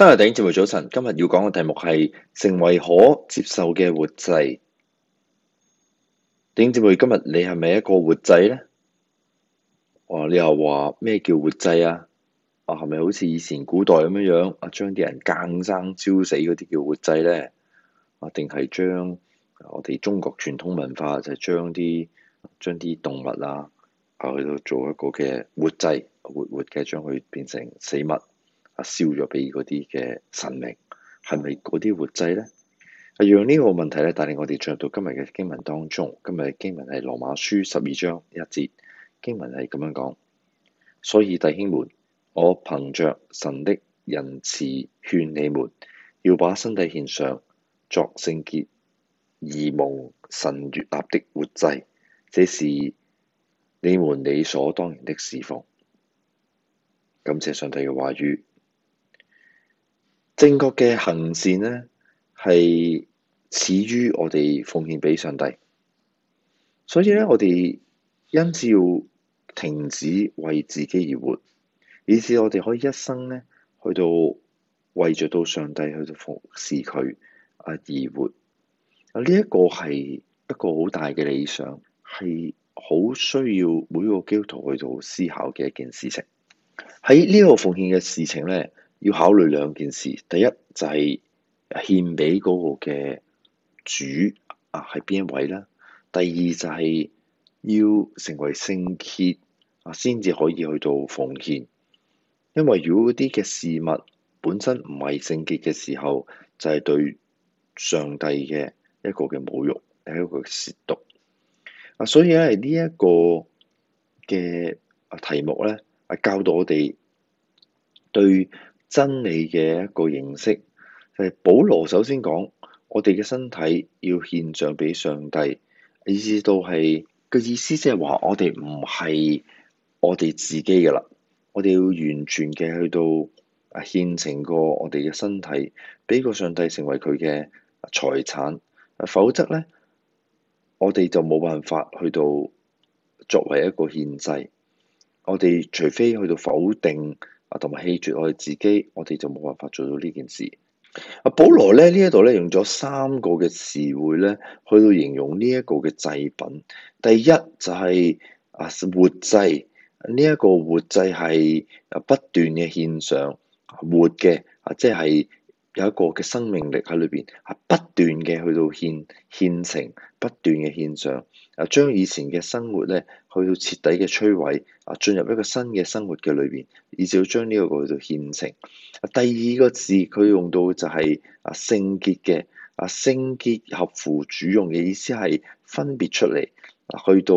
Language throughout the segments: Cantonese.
今日弟兄姊妹早晨，今日要講嘅題目係成為可接受嘅活祭。弟兄姊妹，今日你係咪一個活祭咧？啊，你又話咩叫活祭啊？啊，係咪好似以前古代咁樣樣？啊，將啲人硬生燒死，嗰啲叫活祭咧？啊，定係將我哋中國傳統文化就係將啲將啲動物啊啊去到做一個嘅活祭，活活嘅將佢變成死物。啊，燒咗俾嗰啲嘅神明，係咪嗰啲活祭呢？啊，用呢個問題咧，帶領我哋進入到今日嘅經文當中。今日經文係羅馬書十二章一節，經文係咁樣講：所以弟兄們，我憑着神的仁慈，勸你們要把身體獻上作聖潔、而蒙神悅納的活祭，這是你們理所當然的事奉。感謝上帝嘅話語。正確嘅行善咧，係始於我哋奉獻俾上帝。所以咧，我哋因此要停止為自己而活，以至我哋可以一生咧，去到為着到上帝去到服侍佢啊而活。啊，呢一個係一個好大嘅理想，係好需要每個基督徒去到思考嘅一件事情。喺呢個奉獻嘅事情咧。要考慮兩件事，第一就係獻俾嗰個嘅主啊，係邊一位啦？第二就係要成為聖潔啊，先至可以去做奉獻。因為如果啲嘅事物本身唔係聖潔嘅時候，就係、是、對上帝嘅一個嘅侮辱，係一個褻瀆。啊，所以咧呢一個嘅題目咧，啊教到我哋對。真理嘅一個形式，誒、就係，保羅首先講，我哋嘅身體要獻上俾上帝，意思到係嘅、個、意思即係話，我哋唔係我哋自己噶啦，我哋要完全嘅去到獻成個我哋嘅身體俾個上帝，成為佢嘅財產，否則呢，我哋就冇辦法去到作為一個獻祭，我哋除非去到否定。啊，同埋棄絕我哋自己，我哋就冇辦法做到呢件事。啊，保羅咧呢一度咧用咗三個嘅詞彙咧，去到形容呢一個嘅祭品。第一就係啊活祭，呢、這、一個活祭係啊不斷嘅獻上，活嘅啊即係。有一個嘅生命力喺裏邊，啊不斷嘅去到獻獻呈，不斷嘅獻上，啊將以前嘅生活咧去到徹底嘅摧毀，啊進入一個新嘅生活嘅裏邊，以至要將呢一個去到獻呈。啊第二個字佢用到就係啊聖潔嘅，啊聖潔合乎主用嘅意思係分別出嚟，嗱、啊、去到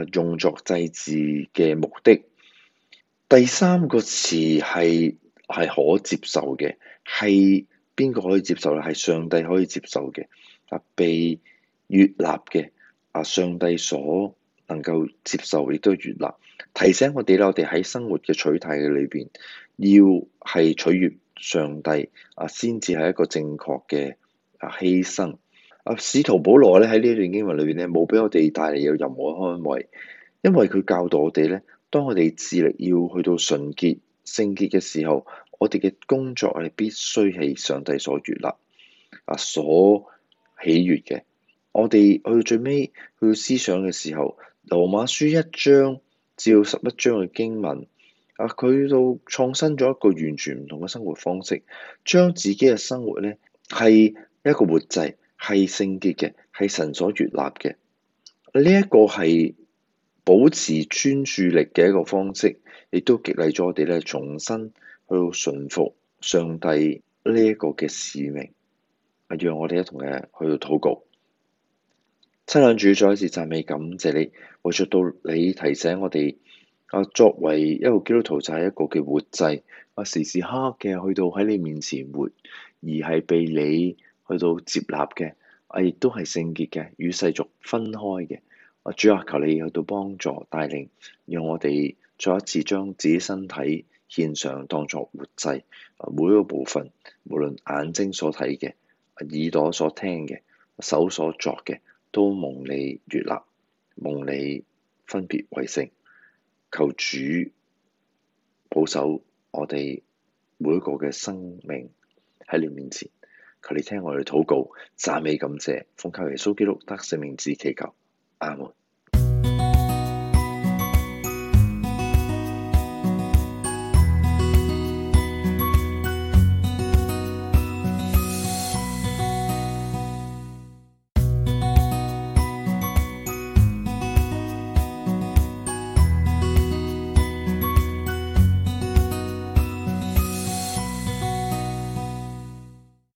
啊用作祭祀嘅目的。第三個詞係係可接受嘅。係邊個可以接受咧？係上帝可以接受嘅，啊被悦納嘅，啊上帝所能夠接受亦都悦納。提醒我哋咧，我哋喺生活嘅取態嘅裏邊，要係取悦上帝啊，先至係一個正確嘅啊犧牲。啊，使徒保羅咧喺呢一段經文裏邊咧，冇俾我哋帶嚟有任何嘅安慰，因為佢教導我哋咧，當我哋致力要去到純潔、聖潔嘅時候。我哋嘅工作係必須係上帝所悅納、啊，所喜悅嘅。我哋去最尾去思想嘅時候，《羅馬書》一章至到十一章嘅經文啊，佢到創新咗一個完全唔同嘅生活方式，將自己嘅生活咧係一個活祭，係聖潔嘅，係神所悅納嘅。呢、這、一個係保持專注力嘅一個方式，亦都激勵咗我哋咧重新。去到順服上帝呢一個嘅使命，啊，讓我哋一同嘅去到禱告。親愛嘅主，再一次讚美感謝你，為著到你提醒我哋，啊，作為一個基督徒就係一個嘅活祭，啊，時時刻刻嘅去到喺你面前活，而係被你去到接納嘅，啊，亦都係聖潔嘅，與世俗分開嘅。啊，主啊，求你去到幫助帶領，讓我哋再一次將自己身體獻上當作活祭，每一個部分，無論眼睛所睇嘅、耳朵所聽嘅、手所作嘅，都蒙你悅納，蒙你分別為聖。求主保守我哋每一個嘅生命喺你面前。求你聽我哋禱告，讚美感謝，奉靠耶穌基督得勝名字祈求，阿門。